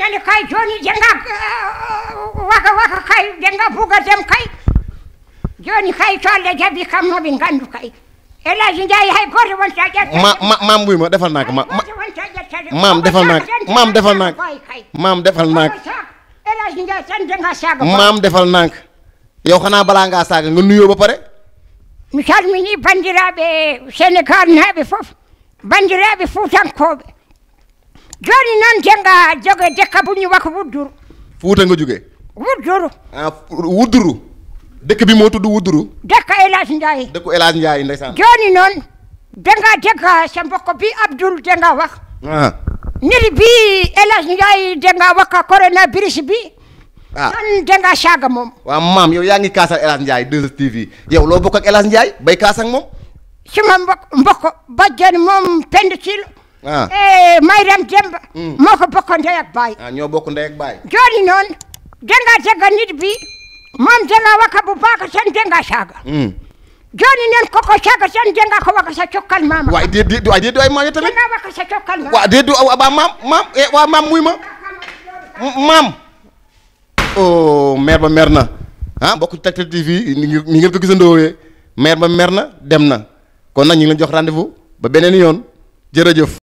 annani kay joni jenga waka waka kay jenga bugadem kay joni kay colle jaɓi kam noɓe gandu kay elaaji njayi hay goto wonta ƴetta ma mam mbuyma defal ma mam defal naka mam defal naka mam defal naka elaaji mam defal naka yow xanaa balaa ngaa saaga nga nuyoo ba pare mi calmini bandiraɓe sénégal naaɓe fof bandiraɓe fuutankooɓe jooni noon jennga joge dekka bu ñuy wax wudduru Fuuta nga jóge wudduru ah wudduru dëkk bi moo tudd wudduru dëkk El Hadj Ndiaye dëkku noon danga dégg sa mbokk bi Abdoul danga wax ah. nit bi El Hadj Ndiaye danga wax coronavirus bi ah man saaga moom waaw maam yow yaa ngi kaas ak El Hadj Ndiaye 2 loo bokk ak El bay kaas moom suma mbokk mbokk bajjan moom pend ah eh, Mayram Demba. Hmm. moo ko bokk ndey ak baay. ah ñoo bokk ndey baay. jooni noon denga tegga nit bi moom denga waka bu baax sen denga saaga. Hmm. jooni noon koko saaga sen denga ko waka sa cokkal maama. waaye déedéet maam muy eh, ma. maam. oh meer ba mer na ah bokk Tektal TV ni ngeen ko gisandoowee meer ba meer na dem na kon nag ñu ngi jox rendez-vous ba beneen yoon jërëjëf.